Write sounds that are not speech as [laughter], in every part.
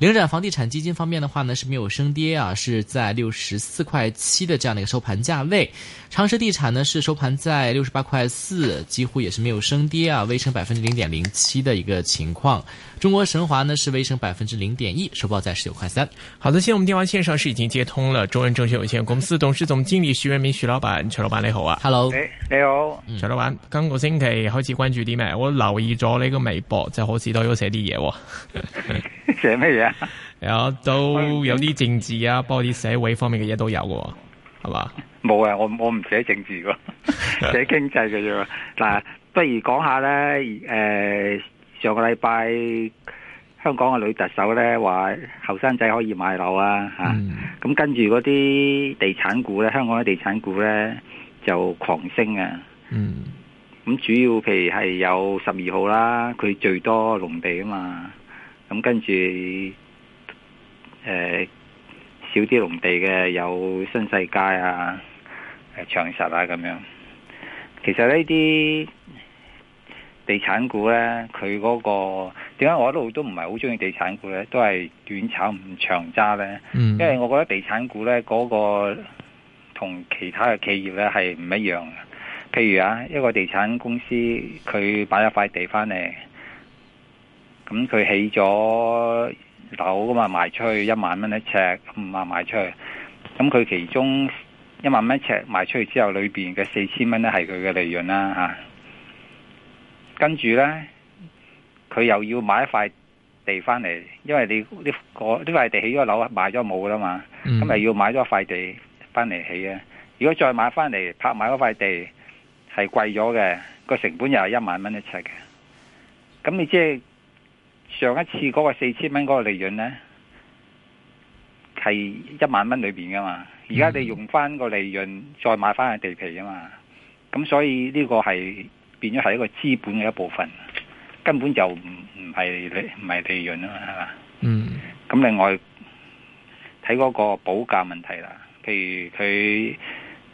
領展房地產基金方面的話呢，是沒有升跌啊，是在六十四塊七的這樣的一個收盤價位。長實地產呢是收盤在六十八塊四，幾乎也是沒有升跌啊，微升百分之零點零七的一個情況。中國神華呢是微升百分之零點一，收報在十九塊三。好的，現在我們電話線上是已經接通了中銀證券有限公司董事總經理徐潤民徐老闆，徐老闆你好啊，Hello，你好，徐、嗯、老闆。剛個星期好幾關注啲咩？我留意咗呢個微博，就好似都有寫啲嘢，寫咩嘢？有 [laughs] 都有啲政治啊，不過啲社會方面嘅嘢都有喎，係嘛？冇啊，我我唔寫政治嘅， [laughs] [laughs] 寫經濟嘅啫。嗱，不如講下咧，誒、呃，上個禮拜香港嘅女特首咧話後生仔可以買樓、嗯、啊，吓，咁跟住嗰啲地產股咧，香港嘅地產股咧就狂升啊。嗯，咁主要譬如係有十二號啦，佢最多農地啊嘛。咁跟住，誒、呃，少啲農地嘅有新世界啊，誒、呃、長實啊咁樣。其實呢啲地產股咧，佢嗰、那個點解我一路都唔係好中意地產股咧，都係短炒唔長揸咧，mm. 因為我覺得地產股咧嗰、那個同其他嘅企業咧係唔一樣嘅，譬如啊，一個地產公司佢擺一塊地翻嚟。咁佢起咗樓噶嘛，賣出去一萬蚊一尺，咁萬賣出去。咁佢其中一萬蚊一尺賣出去之後，裏邊嘅四千蚊咧係佢嘅利潤啦，吓、啊。跟住咧，佢又要買一塊地翻嚟，因為你呢個呢塊地起咗樓，賣咗冇啦嘛，咁、嗯、咪要買咗一塊地翻嚟起啊。如果再買翻嚟拍買嗰塊地係貴咗嘅，個成本又係一萬蚊一尺嘅，咁你即係。上一次嗰個四千蚊嗰個利潤呢，係一萬蚊裏邊噶嘛，而家你用翻個利潤再買翻啲地皮啊嘛，咁所以呢個係變咗係一個資本嘅一部分，根本就唔唔係利唔係利潤啊嘛，係嘛？嗯。咁另外睇嗰個補價問題啦，譬如佢、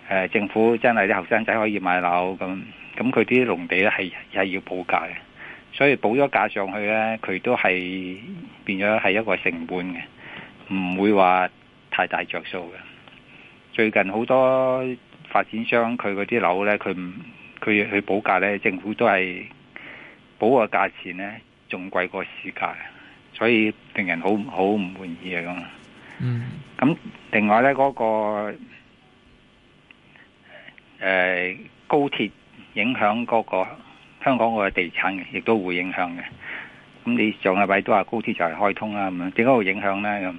呃、政府真係啲後生仔可以買樓咁，咁佢啲農地咧係係要補價嘅。所以補咗價上去呢，佢都係變咗係一個成本嘅，唔會話太大着數嘅。最近好多發展商佢嗰啲樓呢，佢唔佢去補價呢，政府都係補個價錢呢，仲貴過市價，所以令人好好唔滿意啊咁。嗯，咁另外呢，嗰個誒高鐵影響嗰個。呃香港嘅地產亦都會影響嘅。咁你上日位都話高鐵就係開通啦，咁點解會影響呢？咁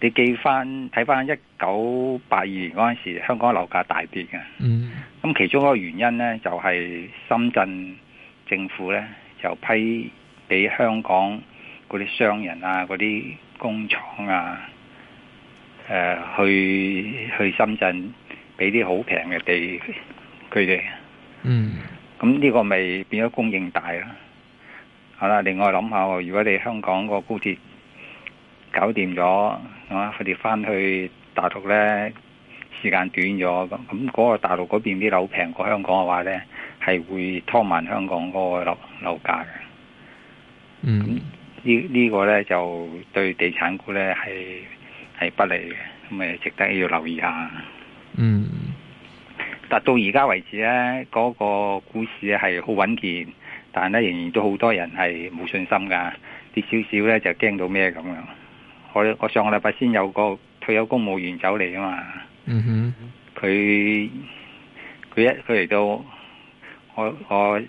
你記翻睇翻一九八二年嗰陣時候，香港樓價大跌嘅。嗯。咁其中一個原因呢，就係、是、深圳政府呢，就批俾香港嗰啲商人啊、嗰啲工廠啊，誒、呃、去去深圳俾啲好平嘅地佢哋。嗯。咁呢個咪變咗供應大啦，好啦，另外諗下，如果你香港個高鐵搞掂咗，咁佢哋翻去大陸咧時間短咗，咁咁嗰個大陸嗰邊啲樓平過香港嘅話咧，係會拖慢香港嗰個樓，樓價嘅。嗯。咁、呢個、呢呢個咧就對地產股咧係係不利嘅，咁咪值得要留意下。嗯。但而家為止咧，嗰個股市咧係好穩健，但咧仍然都好多人係冇信心噶，跌少少咧就驚到咩咁樣。我我上個禮拜先有個退休公務員走嚟啊嘛，嗯哼，佢佢一佢嚟到我我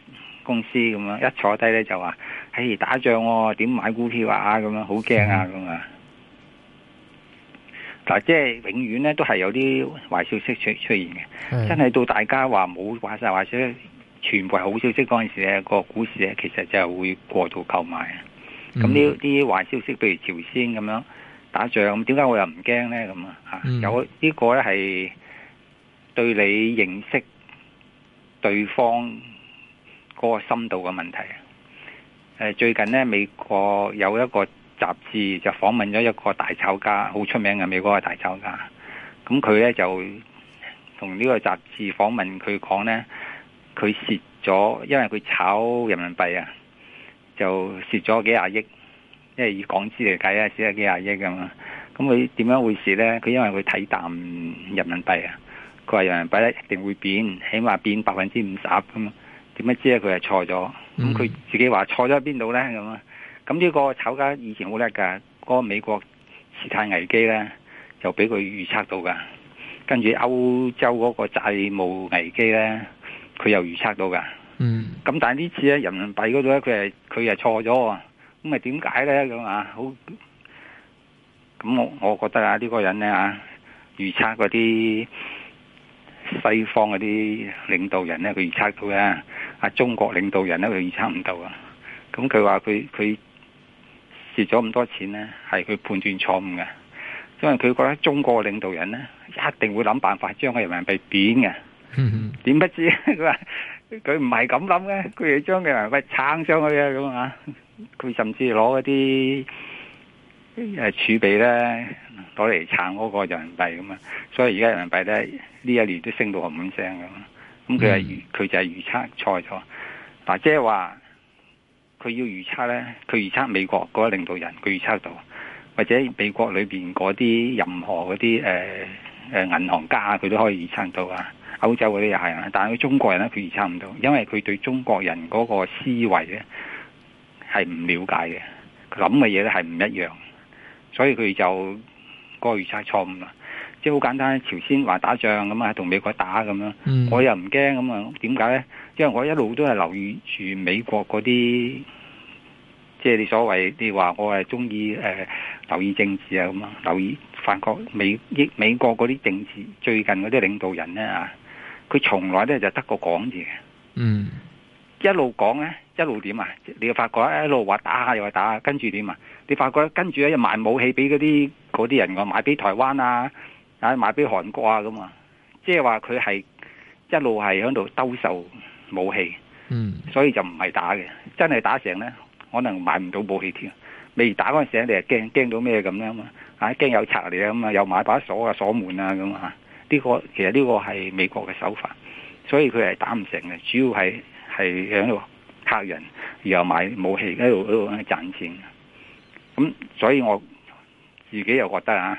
公司咁樣一坐低咧就話，嘿、欸，打仗喎，點買股票啊？咁樣好驚啊咁啊！嗱，即係永遠咧都係有啲壞消息出出現嘅，嗯、真係到大家話冇壞曬壞消息，全部係好消息嗰陣時咧，個股市咧其實就係會過度購買。咁呢啲壞消息，譬如朝鮮咁樣打仗，點解我又唔驚咧？咁啊，嗯、有呢個咧係對你認識對方個深度嘅問題、呃。最近咧，美國有一個。雜誌就訪問咗一個大炒家，好出名嘅美國嘅大炒家。咁佢咧就同呢個雜誌訪問佢呢，佢講咧，佢蝕咗，因為佢炒人民幣啊，就蝕咗幾廿億，因為以港資嚟計啊，蝕咗幾廿億咁嘛。咁佢點樣會蝕咧？佢因為佢睇淡人民幣啊，佢話人民幣咧一定會變，起碼變百分之五十咁啊。點不知啊？佢係錯咗，咁佢自己話錯咗喺邊度咧咁啊？咁呢個炒家以前好叻噶嗰個美國次貸危機咧，就俾佢預測到噶跟住歐洲嗰個債務危機咧，佢又預測到噶嗯。咁但係呢次咧人民幣嗰度咧，佢係佢係錯咗啊。咁啊點解咧？咁啊好。咁我我覺得啊，呢個人咧啊，預測嗰啲西方嗰啲領導人咧，佢預測到㗎。啊中國領導人咧，佢預測唔到啊。咁佢話佢佢。跌咗咁多錢咧，係佢判斷錯誤嘅，因為佢覺得中國領導人咧，一定會諗辦法將個人民幣貶嘅。點、嗯嗯、不知佢話佢唔係咁諗嘅，佢要將嘅人民幣撐上去啊！咁啊，佢甚至攞啲誒儲備咧，攞嚟撐嗰個人民幣咁啊。所以而家人民幣咧呢一年都升到響五聲咁。咁佢係佢就係預測錯咗，但即係話。嗯佢要預測呢，佢預測美國嗰個領導人，佢預測到，或者美國裏面嗰啲任何嗰啲、呃、銀行家，佢都可以預測到啊。歐洲嗰啲又係啊，但係中國人咧，佢預測唔到，因為佢對中國人嗰個思維咧係唔瞭解嘅，諗嘅嘢咧係唔一樣，所以佢就、嗰個預測錯誤啦。即係好簡單，朝鮮話打仗咁啊，同美國打咁樣、嗯、我又唔驚咁啊，點解咧？因為我一路都係留意住美國嗰啲，即係你所謂你話我係中意誒，留意政治啊咁啊，留意發覺美美美國嗰啲政治最近嗰啲領導人咧啊，佢從來咧就得個講字嘅，嗯，一路講咧，一路點啊？你要發覺一路話打又話打，跟住點啊？你發覺跟住咧又賣武器俾嗰啲啲人㗎，賣俾台灣啊，啊賣俾韓國啊咁啊，即係話佢係一路係喺度兜售。武器，所以就唔係打嘅，真係打成咧，可能買唔到武器添。未打嗰陣時你，你係驚驚到咩咁樣嘛？吓、啊、驚有賊嚟啊嘛，又買把鎖啊鎖門啊咁啊。呢、這個其實呢個係美國嘅手法，所以佢係打唔成嘅。主要係係喺度嚇人，然後買武器喺度喺度賺錢。咁、啊、所以我自己又覺得啊，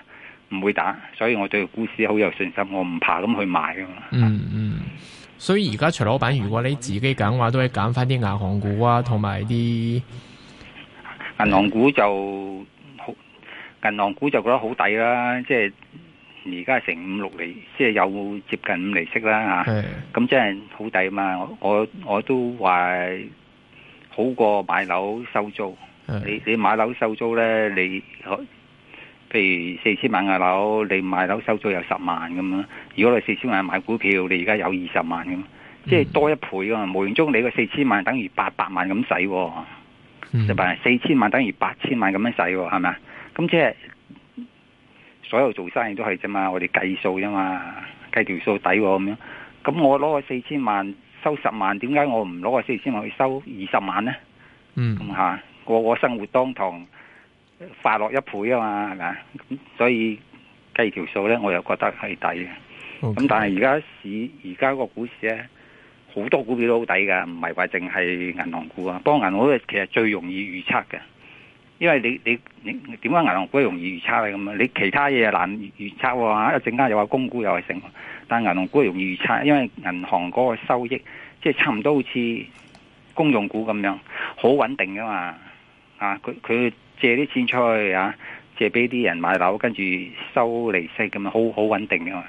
唔會打，所以我對股市好有信心，我唔怕咁去買噶嘛、啊。嗯嗯。所以而家徐老闆，如果你自己揀嘅話，都係揀翻啲銀行股啊，同埋啲銀行股就好，銀行股就覺得好抵啦。即係而家成五六厘，即係有接近五厘息啦嚇。咁即係好抵啊嘛！我我我都話好過買樓收租。是的 你你買樓收租咧，你。譬如四千萬嘅樓，你買樓收咗有十萬咁咯。如果你四千萬買股票，你而家有二十萬咁，即係多一倍噶、啊、嘛。無形中你個四千萬等於八百萬咁使、啊，就係四千萬等於八千萬咁樣使，係咪啊？咁即係所有做生意都係啫嘛，我哋計數啫嘛，計條數抵咁、啊、樣。咁我攞個四千萬收十萬，點解我唔攞個四千萬去收二十萬呢？嗯，咁吓個個生活當堂快落一倍啊嘛，係咪？咁所以計條數咧，我又覺得係抵嘅。咁、okay. 但係而家市，而家個股市咧，好多股票都好抵噶，唔係話淨係銀行股啊。不過銀行股其實是最容易預測嘅，因為你你你點解銀行股容易預測咧？咁啊，你其他嘢難預測啊，一陣間又話供股又係升，但係銀行股容易預測，因為銀行嗰個收益即係、就是、差唔多，好似公用股咁樣，好穩定噶嘛，啊，佢佢。借啲錢出去啊，借俾啲人買樓，跟住收利息咁樣好好穩定嘛。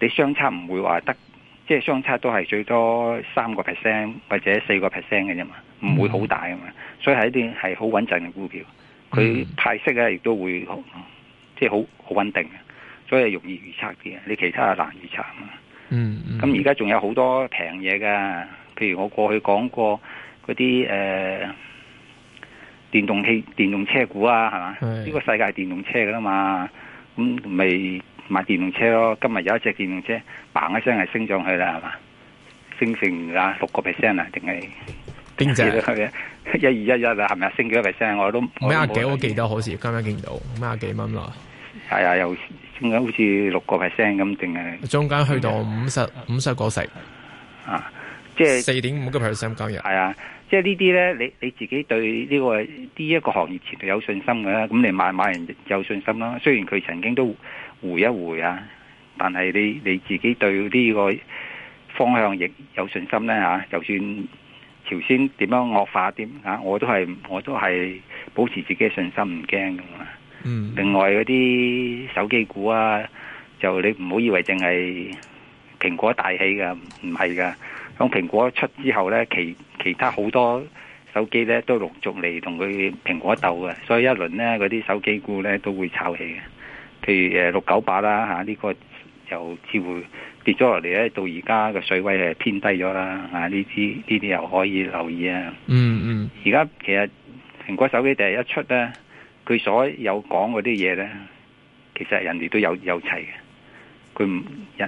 你相差唔會話得，即係相差都係最多三個 percent 或者四個 percent 嘅啫嘛，唔會好大啊嘛。所以係一啲係好穩陣嘅股票，佢、嗯、派息啊，亦都會即係好好穩定，所以容易預測啲。你其他難預測啊嘛。嗯，咁而家仲有好多平嘢噶，譬如我過去講過嗰啲誒電動汽、電動車股啊，係嘛？呢、這個世界係電動車噶啦嘛，咁、嗯、咪買電動車咯。今日有一隻電動車，嘭一聲係升上去啦，係嘛？升成啊六個 percent 啊，定係？經濟，一二一一啊，係咪升幾多 percent？我都咩啊？幾我，我記得好似今日見到咩啊？幾蚊咯？係啊，又升緊好似六個 percent 咁定係？中間去到五十五十個成，啊，即係四點五個 percent 今日。係啊。即係呢啲呢，你你自己對呢、呢個呢一、呢個行業前途有信心嘅，咁你買買人有信心啦。雖然佢曾經都回一回啊，但係你你自己對呢個方向亦有信心呢、啊。就算朝鮮點樣惡化啲、啊、我都係我都係保持自己嘅信心唔驚㗎嘛。嗯。另外嗰啲手機股啊，就你唔好以為淨係蘋果大起㗎，唔係㗎。當蘋果一出之後咧，其其他好多手機咧都陸續嚟同佢蘋果鬥嘅，所以一輪咧嗰啲手機股咧都會炒起嘅。譬如，誒六九八啦吓，呢個又似乎跌咗落嚟咧，到而家嘅水位係偏低咗啦。啊，呢啲呢啲又可以留意啊。嗯嗯。而家其實蘋果手機第一出咧，佢所有講嗰啲嘢咧，其實人哋都有有齊嘅。佢唔一。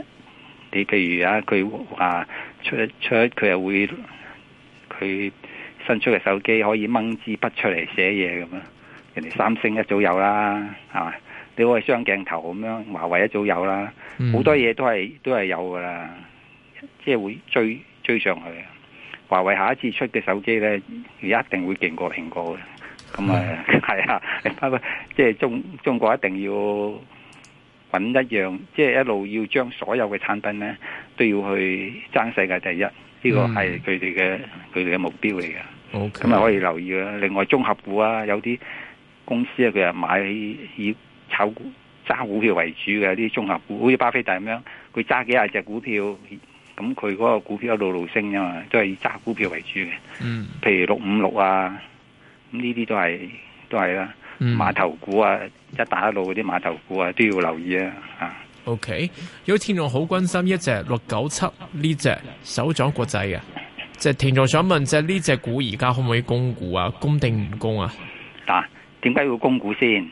你譬如啊，佢出一出，佢又會佢新出嘅手機可以掹支筆出嚟寫嘢咁樣！人哋三星一早有啦，嚇、啊！你話雙鏡頭咁樣，華為一早有啦，好多嘢都係都係有噶啦，即係會追追上去。華為下一次出嘅手機咧，而家一定會勁過蘋果嘅。咁啊，係、嗯、啊，啊 [laughs] 即係中中國一定要。揾一樣，即係一路要將所有嘅產品咧，都要去爭世界第一，呢個係佢哋嘅佢哋嘅目標嚟嘅。咁、okay. 啊可以留意啦。另外綜合股啊，有啲公司啊，佢又買以炒股揸股票為主嘅啲綜合股，好似巴菲特咁樣，佢揸幾廿隻股票，咁佢嗰個股票一路路路升啊嘛，都係以揸股票為主嘅。嗯、mm.，譬如六五六啊，咁呢啲都係都係啦。嗯、碼頭股啊，一打一路嗰啲碼頭股啊，都要留意啊！啊，OK，如果天佑好關心一隻六九七呢隻首長國際啊，即係天佑想問即呢隻股而家可唔可以供股啊？供定唔供啊？嗱、啊，點解要供股先？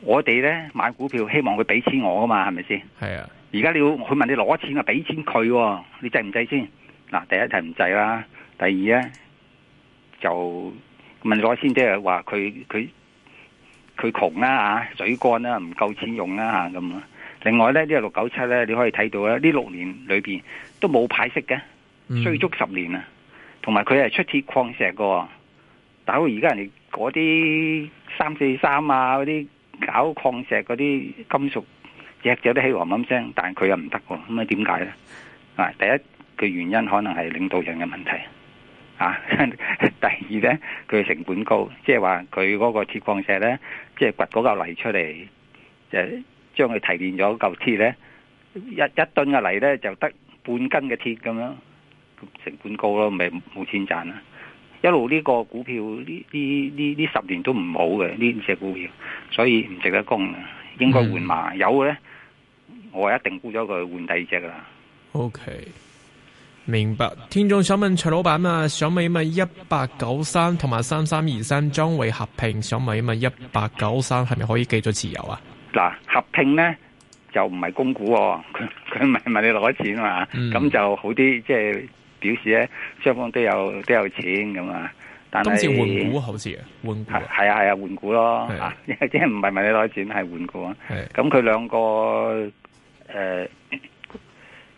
我哋咧買股票希望佢俾錢我啊嘛，係咪先？係啊，而家你要佢問你攞錢啊，俾錢佢、哦，你制唔制先？嗱，第一係唔制啦，第二咧就問攞錢，即係話佢佢。佢窮啦吓，水乾啦、啊，唔夠錢用啦吓咁啊！另外咧，這個、呢個六九七咧，你可以睇到咧，呢六年裏邊都冇派息嘅，追足十年啊！同埋佢係出鐵礦石喎、哦。但係而家人哋嗰啲三四三啊嗰啲搞礦石嗰啲金屬，只只都起嗡嗡聲，但係佢又唔得嘅，咁啊點解咧？第一佢原因可能係領導人嘅問題。 [laughs] 第二咧，佢成本高，即係話佢嗰個鐵礦石咧，即係掘嗰嚿泥出嚟，就將佢提煉咗嚿鐵咧，一一噸嘅泥咧就得半斤嘅鐵咁樣，成本高咯，咪冇錢賺啦。一路呢個股票呢呢呢呢十年都唔好嘅呢隻股票，所以唔值得供，應該換埋有嘅咧，我一定沽咗佢換第二隻噶啦。O K。明白，聽眾想問徐老闆啊，想問一問一八九三同埋三三二三將會合併，想問一問一八九三係咪可以寄咗自由啊？嗱，合併咧就唔係供股，哦，佢佢唔係問你攞錢嘛，咁、嗯、就好啲，即、就、係、是、表示咧雙方都有都有錢咁啊。今次換股好似換股，係啊係啊換股咯，因即啲唔係問你攞錢，係換股。啊。咁佢兩個誒。呃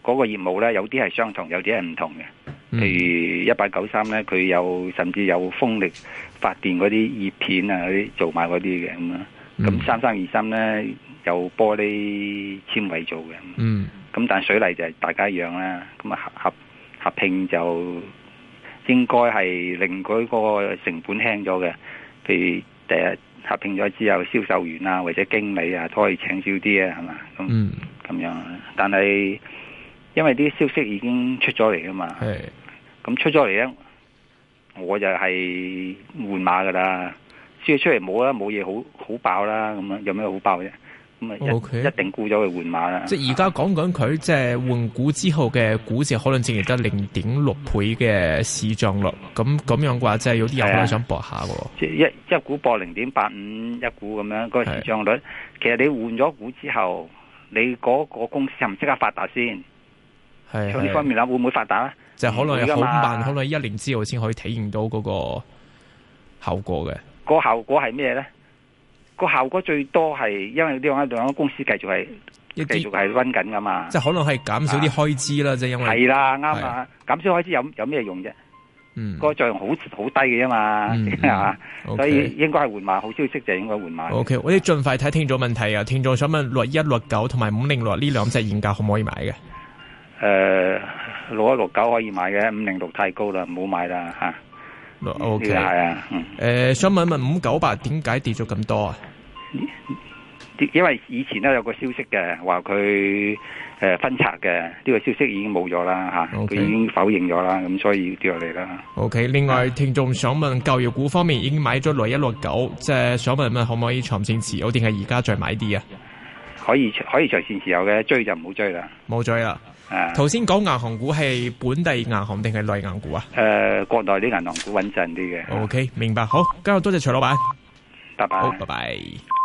嗰個業務咧有啲係相同，有啲係唔同嘅。譬如一八九三咧，佢有甚至有風力發電嗰啲葉片啊，嗰啲做埋嗰啲嘅咁啊。咁三三二三咧有玻璃纖維做嘅。嗯。咁但水泥就係大家一樣啦。咁啊合合合併就應該係令佢個成本輕咗嘅。譬如第日合併咗之後，銷售員啊或者經理啊都可以請少啲啊，係嘛？嗯。咁樣，但係。因為啲消息已經出咗嚟噶嘛，咁、嗯、出咗嚟咧，我就係換馬噶啦。消息出嚟冇啦，冇嘢好好爆啦，咁樣有咩好爆啫？咁、okay. 啊，一定沽咗佢換馬啦。即係而家講講佢即係換股之後嘅股市，可能淨係得零點六倍嘅市漲率。咁咁樣嘅話，即、就、係、是、有啲人想搏下喎。即係一一,一股博零點八五一股咁樣，個市漲率。其實你換咗股之後，你嗰、嗰個嗰個公司係咪即刻發達先？係呢方面啦，會唔會發達就係、可能好慢，可能一年之後先可以體驗到嗰個效果嘅。個效果係咩咧？個效果最多係因為呢兩個公司繼續係，繼續係温緊噶嘛？即係可能係減少啲開支啦，即、啊、係因為係啦，啱啊！減少開支有有咩用啫？嗯，個作用好好低嘅嘛，係、嗯、嘛？ [laughs] okay, 所以應該係緩慢。好消息就應該緩慢。O、okay, K，我哋盡快睇聽咗問題啊！聽眾想問六一六九同埋五零六呢兩隻現價可唔可以買嘅？ [laughs] 誒、呃，六一六九可以買嘅，五零六太高啦，唔好買啦吓。啊、o、okay. K 啊，嗯。誒、呃，想問一問五九八點解跌咗咁多啊？因為以前都有個消息嘅，話佢誒分拆嘅，呢個消息已經冇咗啦吓，佢、啊 okay. 已經否認咗啦，咁所以跌落嚟啦。O、okay. K，另外、yeah. 聽眾想問教育股方面已經買咗六一六九，即係想問一問可唔可以長線持有，定係而家再買啲啊？可以可以長線持有嘅，追就唔好追啦，冇追啦。誒、啊，頭先講銀行股係本地銀行定係內銀股啊？誒、呃，國內啲銀行股穩陣啲嘅。OK，明白。好，今日多謝徐老闆，拜拜。好，拜拜。